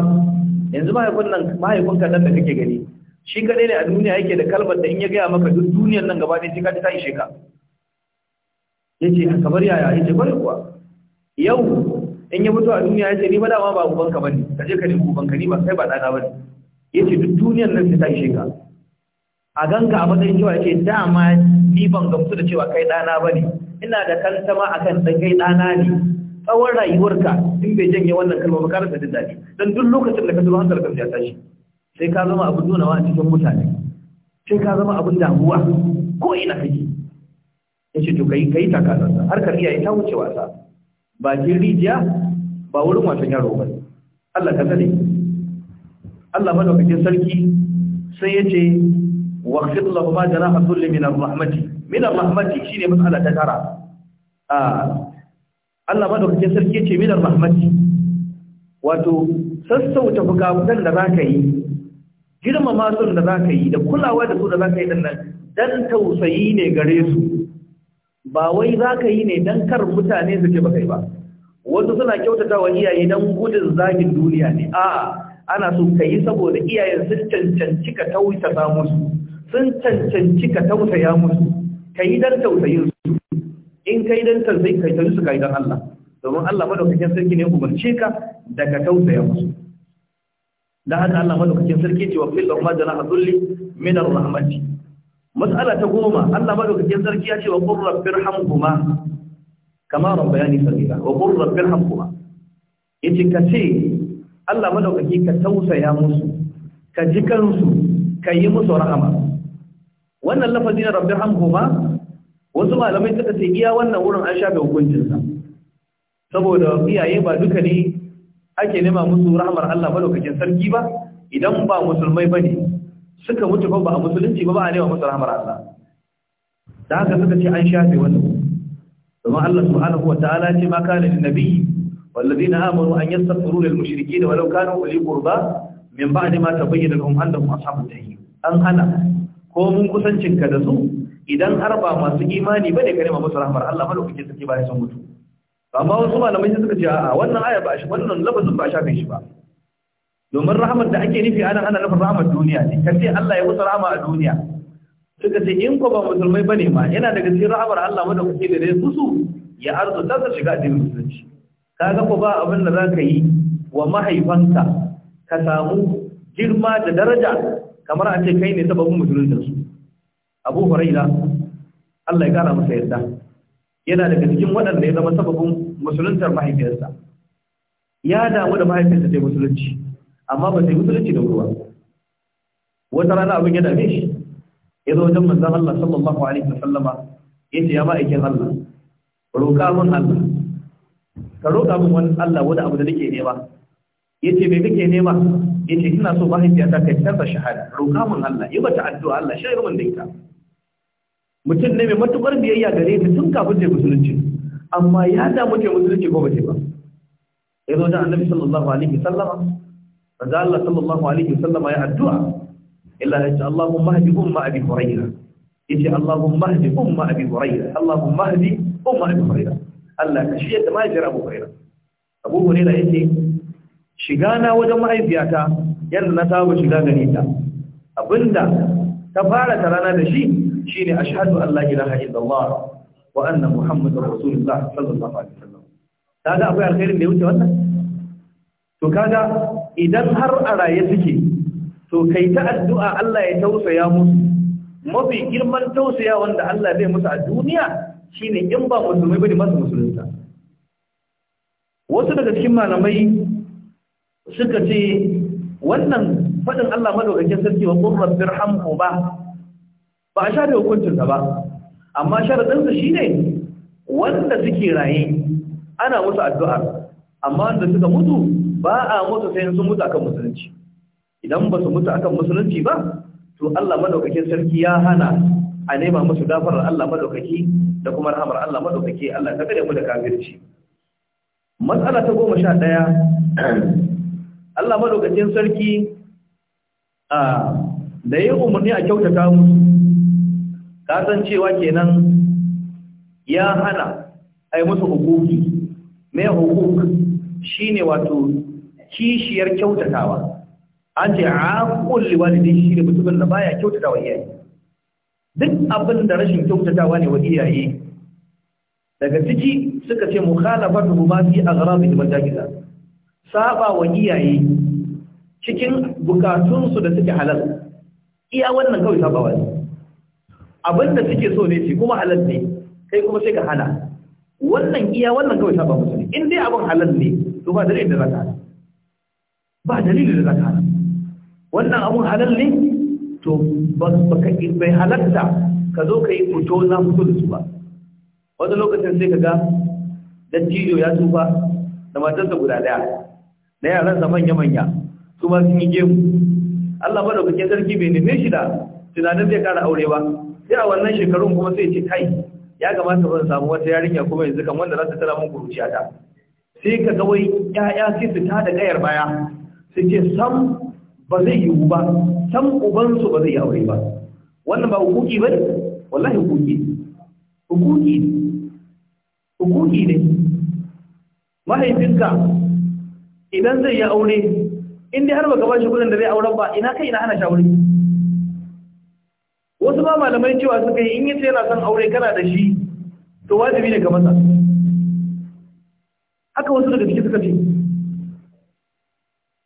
yanzu mahaifin nan mahaifin ka nan da kake gani shi kadai ne a duniya yake da kalmar da in ya gaya maka duk duniyar nan gaba ɗaya cika ka ta ishe ka ce kamar yaya ce bari kuwa yau in ya mutu a duniya ya ce ni ba dama ba uban ka bane kaje ka nemi uban ka ni ba kai ba dana bane ya ce duk duniyar nan ta ishe ka a ganka a matsayin cewa ya ce dama ni ban gamsu da cewa kai dana bane ina da kantama akan dan kai dana ne tsawon rayuwarka in bai janye wannan kalma ba ka rasa jin daɗi don duk lokacin da ka zo kan ya tashi sai ka zama abin nuna a cikin mutane sai ka zama abin damuwa ko ina kake ya ce to kai kai ta kasarsa har ka iyaye ta wuce wasa Ba ke rijiya ba wurin wasan yaro ba Allah ka sani Allah madaukakin sarki sai ya ce wa lahu ma jana hadul min ar-rahmati min ar-rahmati shine mas'ala ta tara ah, Allah madaukakin sarki ya ce min ar-rahmati wato sassauta fukafukan da za ka yi girmama su da za ka yi da kulawa da su da za ka yi nan dan tausayi ne gare su ba wai za ka yi ne don kar mutane su ce ba kai ba wasu suna kyautata wa iyaye don gudun zagin duniya ne a ana so ka yi saboda iyayen sun cancanci ka tausasa musu sun cancanci ka tausaya musu ka yi dan tausayin su in kai dan tausayi tausayi su yi don Allah domin Allah madaukakin sarki ne umarce ka daga tausaya musu da haka Allah madaukakin sarki ce wa fil rahmat jana hadulli min rahmati mas'ala ta goma Allah madaukakin sarki ya ce wa qur rabbir hamhuma kama rabbayani sagira wa qur rabbir hamhuma yace ka ce Allah madaukaki ka tausaya musu ka ji kansu ka yi musu rahama wannan lafazi na rabbir hamhuma wasu malamai suka ce iya wannan wurin an shafe hukuncinsa saboda iyaye ba duka ne ake nema musu rahmar Allah malaukakin sarki ba idan ba musulmai ba ne suka mutu ba a musulunci ba ba a nema musu rahmar Allah da haka suka ce an shafe wannan domin Allah subhanahu wa ta'ala ce ma kana lin nabiyyi والذين آمنوا أن يستغفروا للمشركين ولو كانوا أولي قربى من بعد ما تبين لهم أنهم أصحاب الجحيم أن أنا ko mun kusancin ka da su idan har ba masu imani bane ka nema musu rahmar Allah malaka sarki ba bayan sun mutu amma wasu malamai suka ce a wannan aya ba shi wannan lafazin ba sha kan shi ba domin rahmar da ake nufi ana ana nufin rahamar duniya ne kace Allah ya kusa rahama a duniya suka ce in ko ba musulmai bane ma yana daga cikin rahamar Allah da kuke da dai su ya arzu ta ta shiga addinin musulunci kaga ko ba abin da zaka yi wa mahaifanka ka samu girma da daraja kamar a ce kai ne sababin musulunci su Abu huraira Allah ya kara masa yarda yana daga cikin waɗanda ya zama sababin musuluntar mahaifiyarsa ya damu da mahaifiyarsa sai musulunci amma ba sai musulunci da ruwa wata rana abin ya dame shi ya zo wajen manzan Allah sallallahu alaihi wasallama ya ce ya ma'aikin Allah roƙa mun Allah ka roƙa min wani Allah wani abu da nake nema ya ce mai nake nema ya ce ina so mahaifiyata ka yi tarsa shahada roƙa min Allah yi mata addu'a Allah shayar min da ita mutum ne mai matukar biyayya gare ta tun kafin ta musulunci amma ya damu ta musulunci ko ba ta ba ya zo da annabi sallallahu alaihi wasallama manzo Allah sallallahu alaihi wasallama ya addu'a illa ya ce Allahumma hdi umma abi hurayra yace Allahumma hdi umma abi hurayra Allahumma hdi umma abi hurayra Allah ka shirya da mahaifiyar Abu Hurayra Abu Hurayra yace shiga na wajen mahaifiyata yadda na saba shiga gare ta abinda ta fara tarana da shi shine ashhadu an la ilaha illallah wa anna muhammadar rasulullah sallallahu alaihi wasallam kaga akwai alkhairin da ya wuce wannan to kaga idan har a raye suke to kai ta addu'a Allah ya tausaya musu mafi girman tausaya wanda Allah zai musu a duniya Shi ne in ba musulmai bane masu musulunta wasu daga cikin malamai suka ce wannan faɗin Allah madaukakin sarki wa qurrat birhamhu ba ba a share hukuncinsa ba amma sharaɗinsa shi ne wanda suke raye ana musu addu'ar amma wanda suka mutu ba a mutu sai sun mutu akan musulunci idan ba su mutu akan musulunci ba to Allah madaukakin sarki ya hana a nema musu gafarar Allah madaukaki da kuma rahamar Allah madaukaki Allah ka kare mu da kafirci matsala ta goma sha ɗaya Allah madaukakin sarki ah, da yi umarni a kyautata musu ka san cewa kenan ya hana ai musu hukuki me hukuk shine wato kishiyar kyautatawa an ce aqul liwalidin ne mutumin da baya kyautatawa iyaye duk abin da rashin kyautatawa ne wa iyaye daga ciki suka ce mukhalafatu ma fi aghrabin madakiza saba wa iyaye cikin bukatunsu da suke halal iya wannan kawai sabawa ne abinda suke so ne shi kuma halal ne kai kuma sai ka hana wannan iya wannan kawai saba musu ne in dai abin halal ne to ba dalilin da za ka ba dalilin da za ka wannan abin halal ne to ba ka bai halatta ka zo ka yi fito na fito da su ba wani lokacin sai ka ga dattijo ya tuba da matarsa guda daya na yaransa manya-manya su ma sun yi gemu Allah madaukakin sarki bai neme shi da tunanin zai kara aure ba sai a wannan shekarun kuma sai ce kai ya kamata ban samu wata yarinya kuma yanzu kan wanda za ta tara mun kuruciya ta sai ka ga wai ƴaƴa sai su ta da gayar baya sai ce sam ba zai yiwu ba sam uban su ba zai yi aure ba wannan ba hukuki ba ne wallahi hukuki hukuki hukuki ne mahaifinka idan zai yi aure in dai har baka ba shi kudin da zai auren ba ina kai ina hana shawari wasu ma malamai cewa suka yi in tsaye yana son aure kana da shi to wajibi ne ka masa haka wasu daga cikin suka ce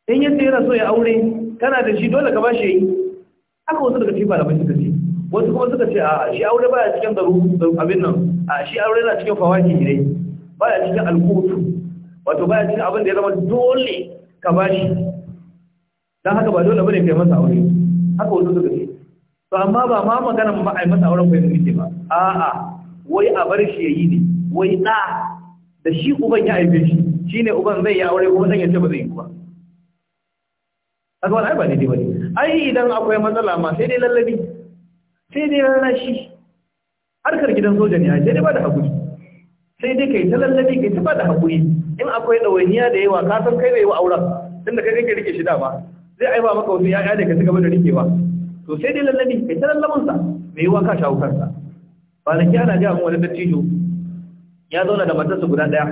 in tsaye yana so ya aure kana da shi dole ka ba shi yi haka wasu daga cikin malamai suka ce wasu kuma suka ce a shi aure baya cikin daru abin nan a shi aure na cikin fawaki ne baya cikin alkutu wato baya cikin abin da ya zama dole ka ba shi don haka ba dole bane kai masa aure haka wasu suka ce to amma ba ma maganar ba ai masa auren bai miji ba a'a wai a bar shi yayi ne wai da da shi uban ya aibe shi shine uban zai yi aure kuma dan ya ce ba zai yi ba kaga wannan ba ne dai bane ai idan akwai matsala ma sai dai lallabi sai dai shi harkar gidan soja ne sai dai ba da hakuri sai dai kai ta lallabi kai ta ba da hakuri in akwai dawainiya da yawa ka san kai bai yi wa auren tunda kai kake rike shi dama zai aiba maka wasu ya'ya da ka ci gaba da rikewa to sai dai lallabi kai ta lallabinsa mai yiwuwa ka shawo kansa kwanaki ana gaya wani dattijo ya zauna da matarsa guda ɗaya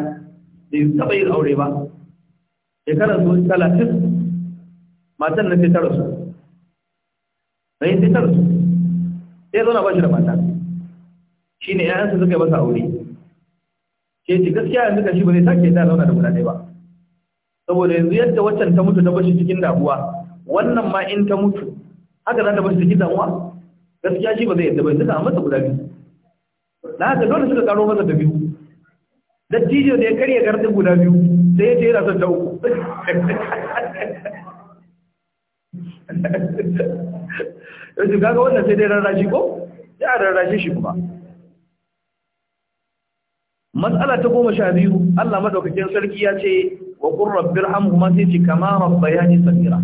bai taɓa yin aure ba shekarar su talatin matan na fitar ta rasu na yi sai ta rasu sai zauna ba shi da mata shi ne ‘ya'yansa suka yi masa aure ke ci gaskiya yanzu ka shi ba zai sake da zauna da guda ɗaya ba saboda yanzu yadda waccan ta mutu ta bashi cikin damuwa wannan ma in ta mutu haka za ta bar cikin damuwa gaskiya shi ba zai yadda ba yanzu a masa guda biyu na haka dole suka karo masa da biyu dattijo da ya karya gardin guda biyu sai ya ce yana son ta uku *laughs* yanzu kaga wannan sai dai rarrashi ko ya rarrashi shi kuma matsala ta goma sha biyu Allah madaukakin sarki ya ce wa qur rabbil hamhuma sai ce kama rabbayani sabira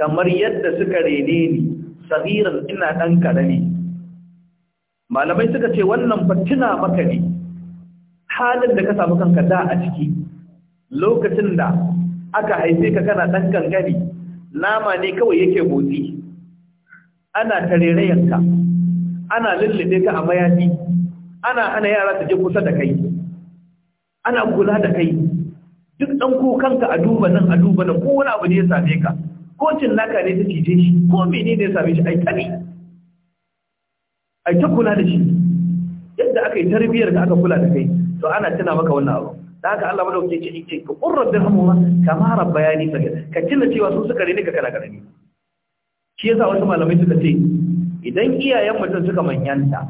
kamar yadda suka rene ni sagiran ina ɗan karami malamai suka ce wannan fatina maka ne halin da ka samu kanka da a ciki lokacin da aka haife ka kana ɗan gangare nama ne kawai yake motsi ana tarerayenka ana lullube ka a mayafi ana ana yara su je kusa da kai ana kula da kai duk ɗan kukanka a duba nan a duba nan ko wani abu ne ya same ka ko naka ne suke je shi ko mene ne same shi a yi a ta kula da shi yadda aka yi tarbiyyar da aka kula da kai to ana tuna maka wannan abu da haka Allah madauke ce yake ka qurra dirhamuha kama rabbayani sagira ka tuna cewa su suka rene ka kana karami shi yasa wasu malamai suka ce idan iyayen mutum suka manyanta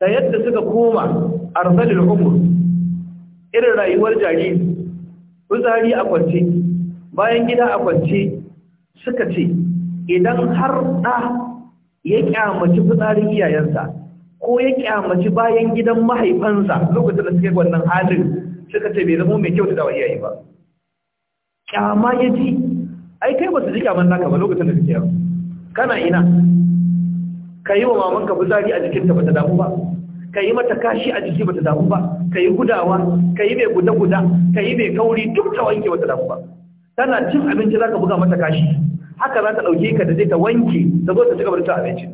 ta yadda suka koma arzalil umur irin rayuwar jariri kuzari a kwance bayan gida a kwance suka ce idan har ɗa ya kyamaci fitsarin iyayensa ko ya kyamaci bayan gidan mahaifansa lokacin da suke wannan halin suka ce bai zama mai kyau da wa iyaye ba kyama ya ji ai kai ba su ji kyaman naka ba lokacin da suke yau kana ina ka yi wa mamanka fitsari a jikinta ba ta damu ba ka yi mata kashi a jiki ba ta damu ba ka yi gudawa ka yi mai guda-guda ka yi mai kauri duk ta wanke ba ta damu ba tana cin abinci za ka buga mata kashi haka za ta ɗauke ka da je ta wanke ta zo ta ci gaba abinci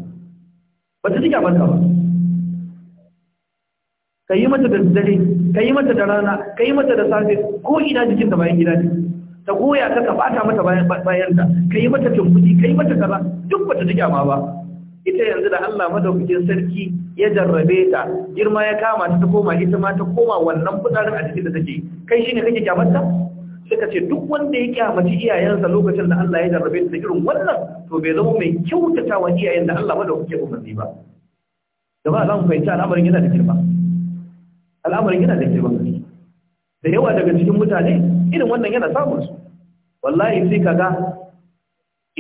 ba ta jiga mata ba ka yi mata da dare ka yi mata da rana ka yi mata da safe ko ina jikin ta bayan gida ne ta goya ka ka mata bayan ta ka yi mata tumbuɗi ka yi mata kaza duk ba ta jiga ma ba ita yanzu da Allah madaukakin sarki ya jarrabe ta girma ya kama ta ta koma ita ma ta koma wannan fitarin a cikin da take kai shine kake kyamarta suka ce duk wanda ya kyamaci iyayensa lokacin da Allah ya jarrabe da irin wannan to bai zama mai kyautata wa iyayen da Allah kuke umarni ba jama'a za mu fahimci al'amarin yana da girma al'amarin yana da girma da yawa daga cikin mutane irin wannan yana samun su wallahi sai kaga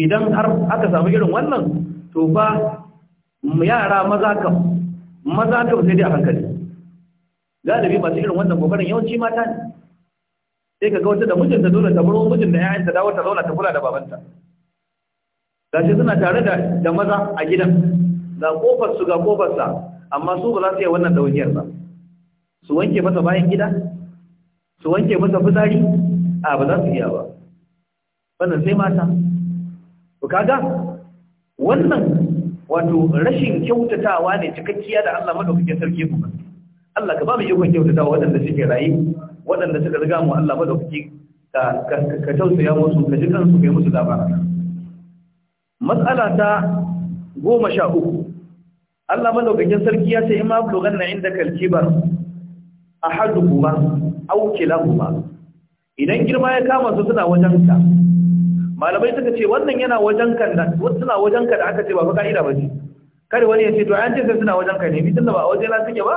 idan har aka samu irin wannan to ba yara maza kam maza kam sai dai a hankali galibi masu irin wannan gobarin yawanci mata ne sai ka ga wata da mijinta dole ta baro mijin da ƴaƴanta dawo ta zauna ta kula da babanta Ga shi suna tare da da maza a gidan ga kofar su ga kofar sa amma su ba za su yi wannan dawainiyar ba su wanke masa bayan gida su wanke masa fitsari a ba za su iya ba wannan sai mata to kaga wannan wato rashin kyautatawa ne cikakkiya da Allah madaukakin sarki kuma Allah ka ba mu ikon kyautatawa wadanda suke rayu waɗanda suka riga mu Allah ba da kuke ka tausaya musu ka ji kansu kai musu labara matsala ta goma sha uku Allah malaukakin sarki ya ce ima blogan na inda kalkibar a hadu kuma aukila kuma idan girma ya kama su suna wajen ka malamai suka ce wannan yana wajen ka da suna wajen ka da aka ce ba fa ka'ida ba ce kada wani ya ce to an ce sai suna wajen ka ne bitin da ba a wajen na suke ba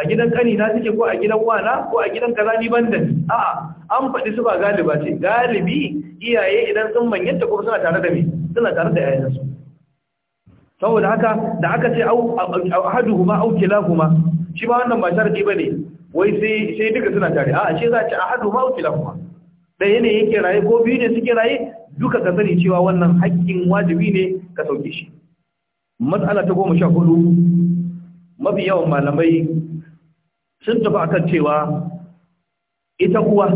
a gidan kani na suke ko a gidan wana ko a gidan kaza ni banda ni a'a an faɗi su ba galiba ce galibi iyaye idan sun manyanta kuma suna tare da me suna tare da yayan su saboda haka da aka ce au ahaduhuma au kilahuma shi ba wannan ba sharadi bane wai sai sai duka suna tare a'a ce za ci ahaduhuma au kilahuma ɗaya ne yake raye ko biyu ne suke raye duka ka sani cewa wannan haƙƙin wajibi ne ka sauke shi mas'ala ta goma sha hudu mafi yawan malamai sun tafi a kan cewa ita kuwa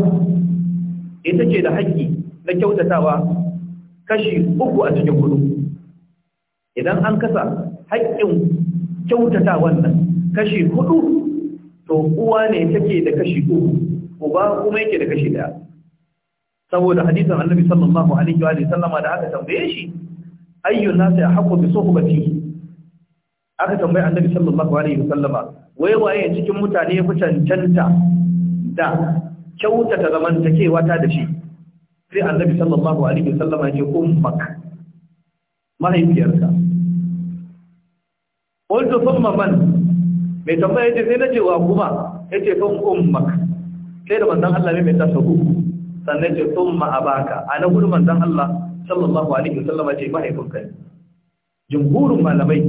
ita ce da haƙƙi na kyautatawa kashi uku a cikin kudu idan an kasa haƙƙin kyautata nan kashi hudu to uwa ne take da kashi uku uba kuma yake da kashi daya saboda hadisin annabi sallallahu alaihi wa sallama da aka tambaye shi ayyun nasu ya haƙƙo bi sohbati aka tambaye annabi sallallahu alaihi wa sallama wai waye cikin mutane fi cancanta da kyautata zamantakewa ta da shi sai annabi sallallahu alaihi wasallam ya ce ummak mahaifiyarka qultu kuma man mai tambaya yace sai nace wa kuma yace kan ummak sai da manzon Allah mai ta sabu sannan ce thumma abaka ana gudu manzon Allah sallallahu alaihi wasallam ya ce mahaifinka jumhurun malamai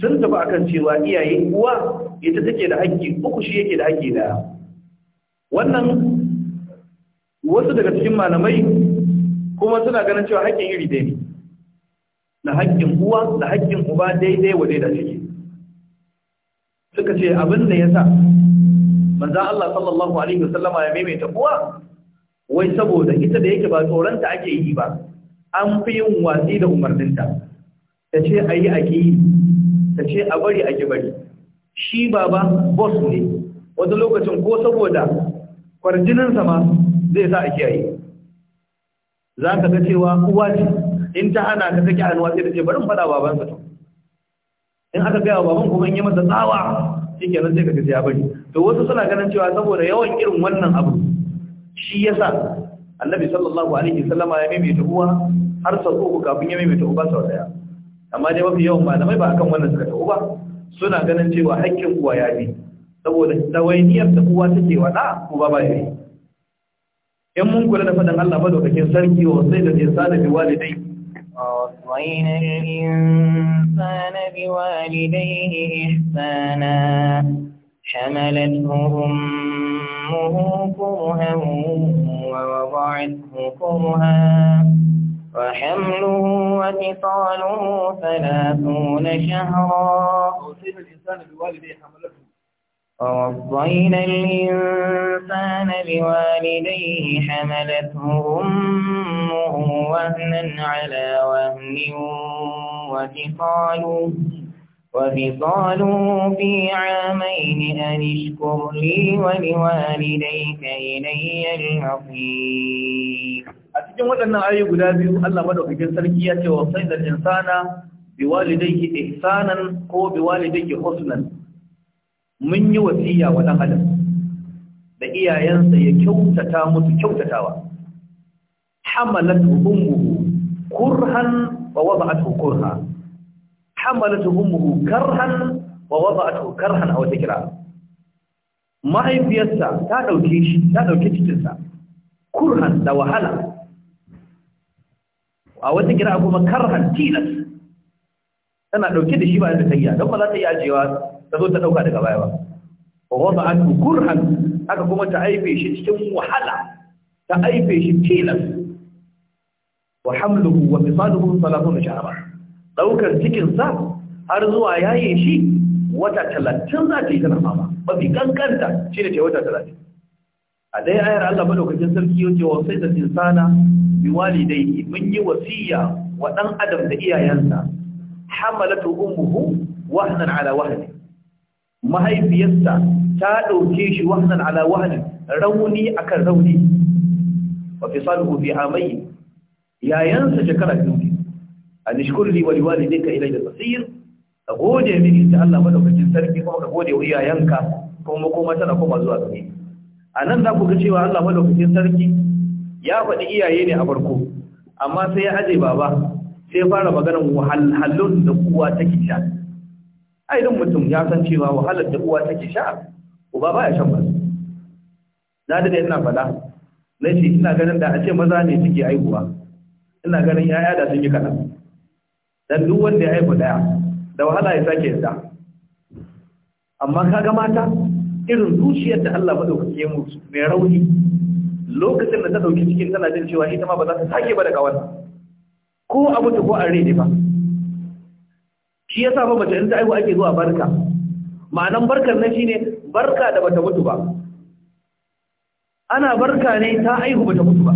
sun tafi akan cewa iyaye uwa ita take da haƙƙi uku shi yake da haƙƙi da wannan wasu daga cikin malamai kuma suna ganin cewa haƙƙin iri dai ne na haƙƙin uwa da haƙƙin uba daidai wa daidai ciki suka ce abin da ya sa manzan Allah sallallahu Alaihi wasallama ya maimaita uwa wai saboda ita da yake ba tsoronta ake yi ba an fi yin watsi da umarninta ta ce a yi a ki ta ce a bari a ki bari shi baba boss ne wata lokacin ko saboda kwarjinin sama zai sa a kiyaye za ka ga cewa uwa ce in ta hana ka take hannuwa sai ta ce bari faɗa babansa to in aka gaya baban kuma in yi masa tsawa shikenan sai ka ga ya bari to wasu suna ganin cewa saboda yawan irin wannan abu shi yasa annabi sallallahu alaihi sallama ya maimaita uwa har sau uku kafin ya maimaita uba sau daya amma dai mafi yawan malamai ba akan wannan suka ta ba suna ganin cewa haƙƙin uwa ya bi saboda ɗawainiyar da uwa take wa ko uba ba yi in mun kula da faɗin Allah kin sarki wa sai da nisa da bi walidai وَوَصَّيْنَا الْإِنسَانَ بِوَالِدَيْهِ إِحْسَانًا حَمَلَتْهُ أُمُّهُ كُرْهًا وَوَضَعَتْهُ كُرْهًا وحمله وفصاله ثلاثون شهرا ووصينا الإنسان بوالديه حملته أمه وهنا على وهن وفصاله وفصاله في عامين أن اشكر لي ولوالديك إلي المصير أتجمع لنا آية قلابي الله مدعو في جنس الكية وصيد الإنسان بوالديه إحسانا هو بوالديه حسنا من يوسيا ونقل da iyayensa ya kyautata musu kyautatawa hamalat ummuhu kurhan wa wada'athu kurha hamalatu ummuhu karhan wa wada'atuhu karhan aw dhikra mahaifiyarsa ta dauke shi ta dauke cikinsa kurhan da wahala a wata kira kuma karhan tilas tana dauke da shi ba da tayya don ba za ta yi ajewa ta zo ta dauka daga baya ba wa wada'atuhu kurhan haka kuma ta aife shi cikin wahala ta aife shi tilas wa hamluhu wa fisaluhu 30 shahra ɗaukar cikinsa har zuwa yayin shi wata talatin za ta yi tana mama mafi kankanta shi ne ce wata talatin a ɗaya ayar Allah madaukakin sarki yau ce wa sai da insana bi dai, mun yi wasiya wa ɗan adam da iyayensa hamalatu ummuhu wahnan ala wahni mahaifiyarsa ta ɗauke shi wahnan ala wahni rauni akan rauni wa fisaluhu bi amai yayansa shekara biyu an shukuru li wali walidayka da al ka gode mini ta Allah madaukakin sarki kuma ka gode wa iyayenka kuma kuma tana koma zuwa gare ni anan za ku ga cewa Allah madaukakin sarki ya faɗi iyaye ne a farko amma sai ya aje baba sai fara maganar wahalhalun da uwa take sha ai dan mutum ya san cewa wahalar da uwa take sha uba baya shan ba na da ina faɗa na ce ina ganin da a ce maza ne suke aihuwa ina ganin yaya da sun yi kaɗan dan duk wanda ya haifu daya da wahala ya sake yadda amma kaga mata irin zuciyar da Allah madaukake mu mai rauni lokacin da ta dauki cikin tana jin cewa ita ma ba za ta sake ba daga wannan ko a mutu ko a rede ba shi yasa ba mace in ta aiwa ake zuwa barka ma'anan barkar nan shine barka da bata mutu ba ana barka ne ta aihu bata mutu ba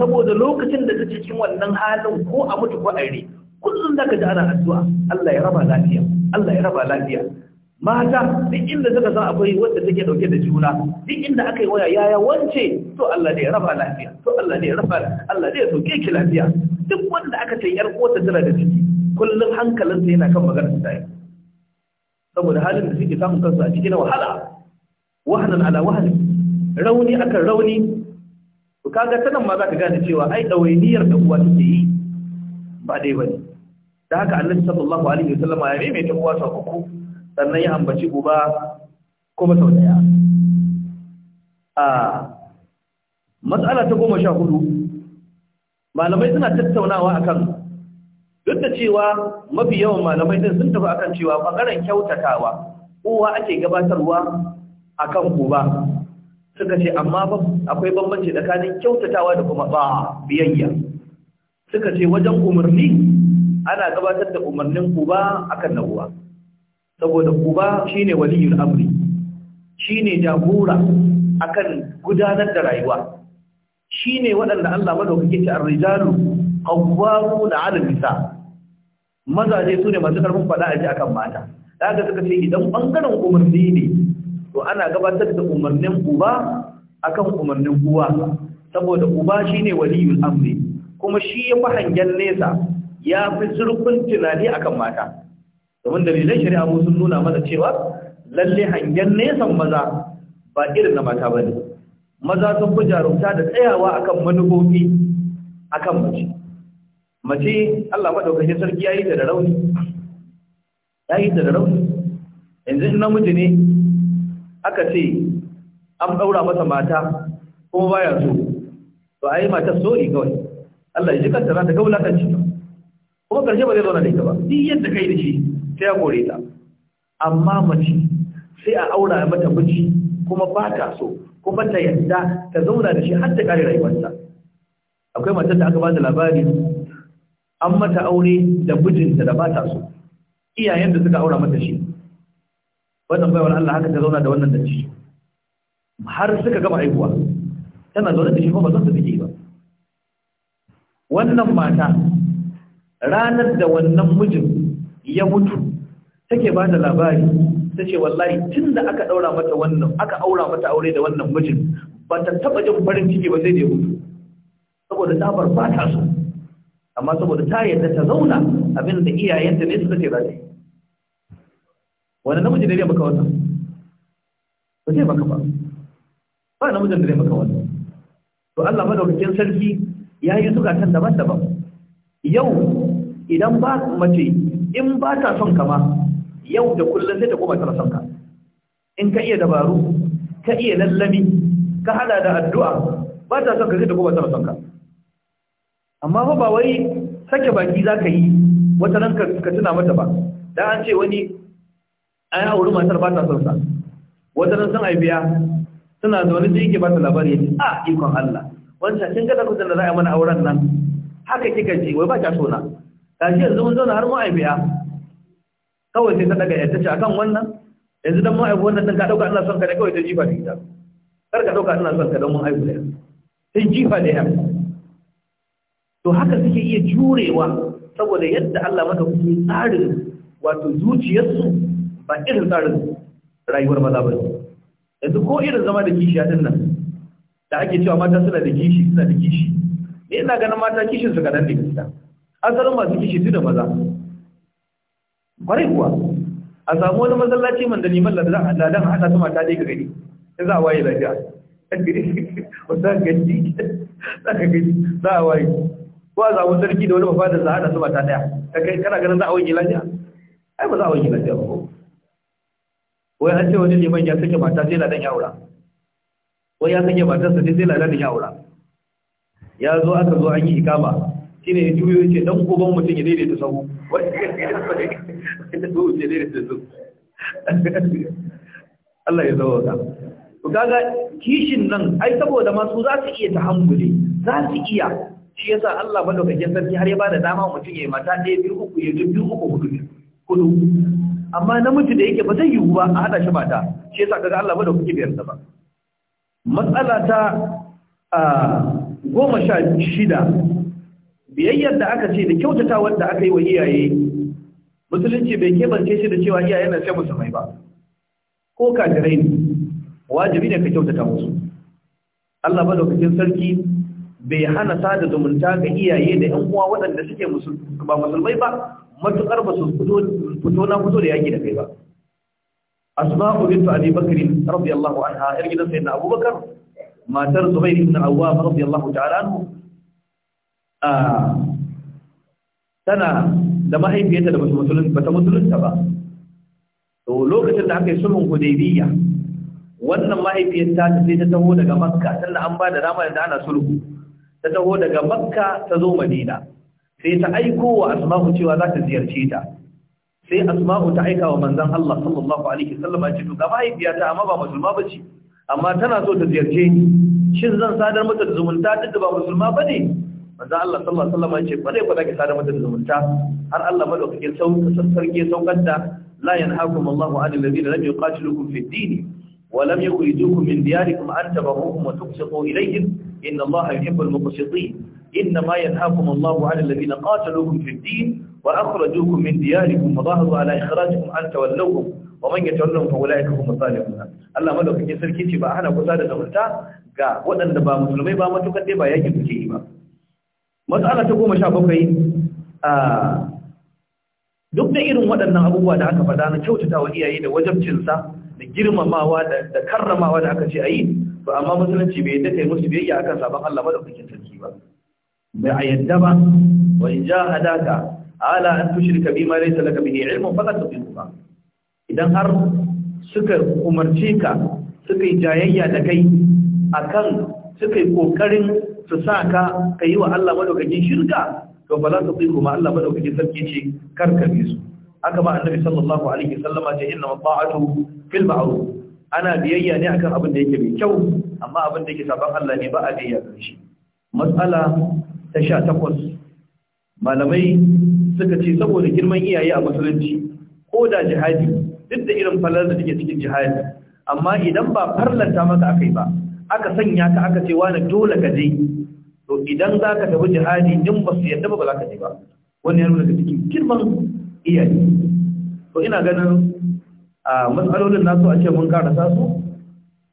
saboda lokacin da ta cikin wannan halin ko a mutu ko a rede kullum da zaka ji ana addu'a Allah ya raba lafiya Allah ya raba lafiya mata duk inda suka san akwai wanda take dauke da juna duk inda aka yi waya yaya wance to Allah ne ya raba lafiya to Allah ne ya raba Allah ne ya soke ki lafiya duk wanda aka ce yar kota tana da ciki kullum hankalinsa yana kan maganar ta saboda halin da suke samun kansu a cikin wahala wahanan ala wahani rauni akan rauni to kaga sanan ma zaka gane cewa ai dawainiyar da uwa take yi ba dai ne. da haka annabi sallallahu alaihi wasallam ya maimaita uwa sau uku sannan ya ambaci uba kuma sau daya a matsala ta goma sha hudu malamai suna tattaunawa akan duk da cewa mafi yawan malamai din sun tafi akan cewa bangaren kyautatawa uwa ake gabatarwa akan uba suka ce amma akwai bambanci tsakanin kyautatawa da kuma ba biyayya suka ce wajen umarni ana gabatar da umarnin kuba akan na saboda kuba shine waliyul amri shine jagora akan gudanar da rayuwa shine waɗanda Allah madaukake ce ar-rijalu qawwamuna 'ala nisa mazaje sune ne masu karfin fada aji akan mata daga suka ce idan ɓangaren umarni ne to ana gabatar da umarnin uba akan umarnin kuwa, saboda uba shine waliyul amri kuma shi ya fi hangen nesa ya fi zurfin tunani akan mata domin dalilan shari'a mu sun nuna mana cewa lalle hangen nesan maza ba irin na mata bane maza sun fi jarumta da tsayawa akan manufofi akan mace mace Allah madaukakin sarki yayi yi da rauni yayi ta da rauni yanzu in namiji ne aka ce an daura masa mata kuma baya so to ai mata so ne kawai Allah ya ji kanta za ta ga wulakanci ta kuma karshe ba zai zauna da ita ba duk yadda kai da shi sai ya kore ta amma mace sai a aura mata miji kuma ba ta so kuma ta yadda ta zauna da shi har ta kare rayuwarta. akwai mace da aka ba da labari an mata aure da mijinta da ba ta so iyayen da suka aura mata shi wannan baiwar Allah haka ta zauna da wannan da shi har suka gama aihuwa tana zaune da shi kuma ba zan ta take wannan mata ranar da wannan mijin ya mutu take ba da labari ta ce wallahi tun da aka daura mata wannan aka aura mata aure da wannan mijin ba ta taba jin farin ciki ba sai da ya mutu saboda bar fata su amma saboda ta yadda ta zauna abin da iyayenta ne suka ce za ta yi wani namiji ne ya maka wannan ba zai maka ba ba namijin da ya maka wannan to Allah madaukakin sarki ya yi zukatan daban-daban yau idan ba mace in ba ta son kama yau da kullum sai ta koma tara son ka in ka iya dabaru ka iya lallami ka hada da addu'a ba ta son ka sai ta koma tara son ka amma ba ba wai sake baki za ka yi wata nan ka tuna mata ba da an ce wani an yi auri matar ba ta son sa wata nan sun aibiya suna zaune sai yake ba ta labari ya ce a ah, ikon Allah wancan kin gada kudin da za a yi mana auren nan haka kika ce wai ba ta so na kashi yanzu mun zauna har mu aibiya kawai sai ta daga yadda ce akan wannan yanzu dan mu aibi wannan din ka dauka ina son ka ne kawai ta jifa da ita kar ka dauka ina son ka dan mun aibi da yanzu sai jifa da ita to haka suke iya jurewa saboda yadda Allah maka kuma tsarin wato zuciyarsu ba irin tsarin rayuwar maza ba yanzu ko irin zama da kishiya din nan da ake cewa mata suna da kishi suna da kishi ne ina ganin mata kishin su kadan da gaskiya asalin masu kishi su da maza kwarai kuwa a samu wani masallaci man da liman ladan ladan hada su mata dai ga gari sai za a waye lafiya *laughs* wata gaji za ka gaji za a waye ko a samu sarki da wani mafadar za a hada su mata daya ka kai kana ganin za a waye lafiya ai ba za a waye lafiya ba ko wai an ce wani liman ya sake mata sai ladan ya aura ko ya sanya matarsa sai sai lalata ya shawara ya zo aka zo an yi ikama shine ya juyo ya ce dan uban mutum ya daidaita sahu wai da *laughs* so ya daidaita sahu *laughs* Allah ya zawo ka to kaga kishin nan ai saboda ma su za su iya ta tahammuli za su iya shi yasa Allah madaukakin sarki har ya bada dama mutum ya mata ɗaya biyu uku ya biyu uku hudu kudu amma namiji da yake ba zai yiwu ba a hada shi mata shi yasa kaga Allah madaukakin biyar ba matsala ta goma sha shida biyayyar da aka ce da kyautata wanda aka yi wa iyaye musulunci bai kebance shi da cewa iyaye na sai musulmai ba ko kafirai ne wajibi ne ka kyautata musu Allah ba lokacin sarki bai hana sada zumunta ga iyaye da 'yan uwa waɗanda suke ba musulmai ba matuƙar ba su fito na fito da yaƙi da kai ba asma'u bint abi bakr radiyallahu anha yar gidan sayyidina abubakar matar zubair ibn awwam radiyallahu ta'ala anhu tana da mahaifiyarta da musulunta bata musulunta ba to lokacin da aka yi sulhun hudaybiyya wannan mahaifiyar ta ta sai ta taho daga makka sannan an ba da dama da ana sulhu ta taho daga makka ta zo madina sai ta aiko wa asma'u cewa za ta ziyarce ta sai asma'u ta aika wa manzon Allah sallallahu alaihi wasallam a cikin ga ta amma ba musulma ba ce. amma tana so ta ziyarce ni shin zan sadar mata da zumunta duk da ba musulma ba ne? manzon Allah sallallahu alaihi wasallam ya ce bare ku zaki sadar mata da zumunta har Allah madaukakin sauka sarki saukar da la yanhaakum Allahu 'anil ladina lam yuqatilukum fid din wa lam yukhrijukum min diyarikum an tabarruhum wa tuqsitu ilayhim inna Allaha yuhibbul muqsitin inna ma yanhaakum Allahu 'anil ladina qataluukum fid din وأخرجوكم من دياركم وظاهروا على إخراجكم أن تولوهم ومن يتولهم فأولئك هم الظالمون الله ملوك يسر كيتي بأحنا قصادة أولتا ga waɗanda ba musulmai ba matukan dai ba yakin suke yi ba matsala ta goma sha bakwai duk da irin waɗannan abubuwa da aka faɗa na kyautata wa iyaye da wajabcinsa da girmamawa da karramawa da aka ce a yi to amma musulunci bai yadda kai musu biyayya akan sabon Allah madaukakin sarki ba bai a yadda ba wa in ja hadaka ala an tushrika bima laysa laka bihi ilmun fala tuqima idan har suka umarce ka suka jayayya da kai akan suka yi kokarin su sa ka kai wa Allah madaukakin shirka to fala tuqima Allah madaukakin sarki ce kar ka bi su haka ba annabi sallallahu alaihi wasallama ce inna ta'atu fil ma'ruf ana biyayya ne akan abin da yake mai kyau amma abin da yake saban Allah ne ba a biyayya shi matsala ta 18 malamai suka ce saboda girman iyaye a musulunci ko da jihadi duk da irin falar da take cikin jihadi amma idan ba farlanta maka akai ba aka sanya ka aka ce wani dole ka je to idan za ka tafi jihadi din ba su yadda ba za ka je ba wani yaro daga cikin girman iyaye to ina ganin a matsalolin nasu a ce mun karasa su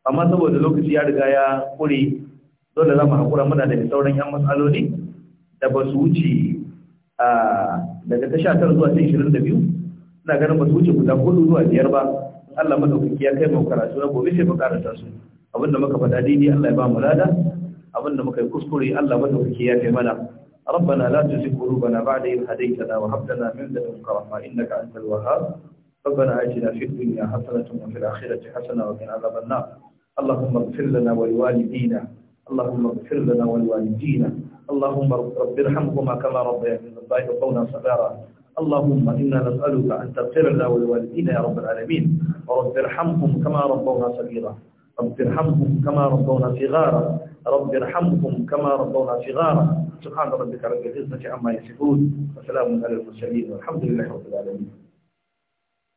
amma saboda lokaci ya riga ya kure dole za mu haƙura muna da sauran 'yan matsaloli da ba su wuce a daga ta 19 zuwa ta biyu? ina ganin ba su wuce guda hudu zuwa biyar ba Allah madaukaki ya kai mu karatu na gobe sai mu karanta su abinda muka faɗa daidai Allah ya ba mu lada abinda muka yi kuskure Allah madaukaki ya kai mana ربنا لا تزغ قلوبنا بعد إذ هديتنا وهب لنا من لدنك رحمة إنك أنت الوهاب ربنا آتنا في الدنيا حسنة وفي الآخرة حسنة وقنا عذاب النار اللهم اغفر لنا ولوالدينا اللهم اغفر لنا ولوالدينا اللهم رب ارحمهما كما ربياني صغارا اللهم إنا نسألك أن تغفر لنا ولوالدينا يا رب العالمين ورب ارحمهم كما ربونا صغيرا رب ارحمهم كما ربونا صغارا رب ارحمهم كما ربونا صغارا سبحان ربك رب العزة عما يصفون وسلام على المرسلين والحمد لله رب العالمين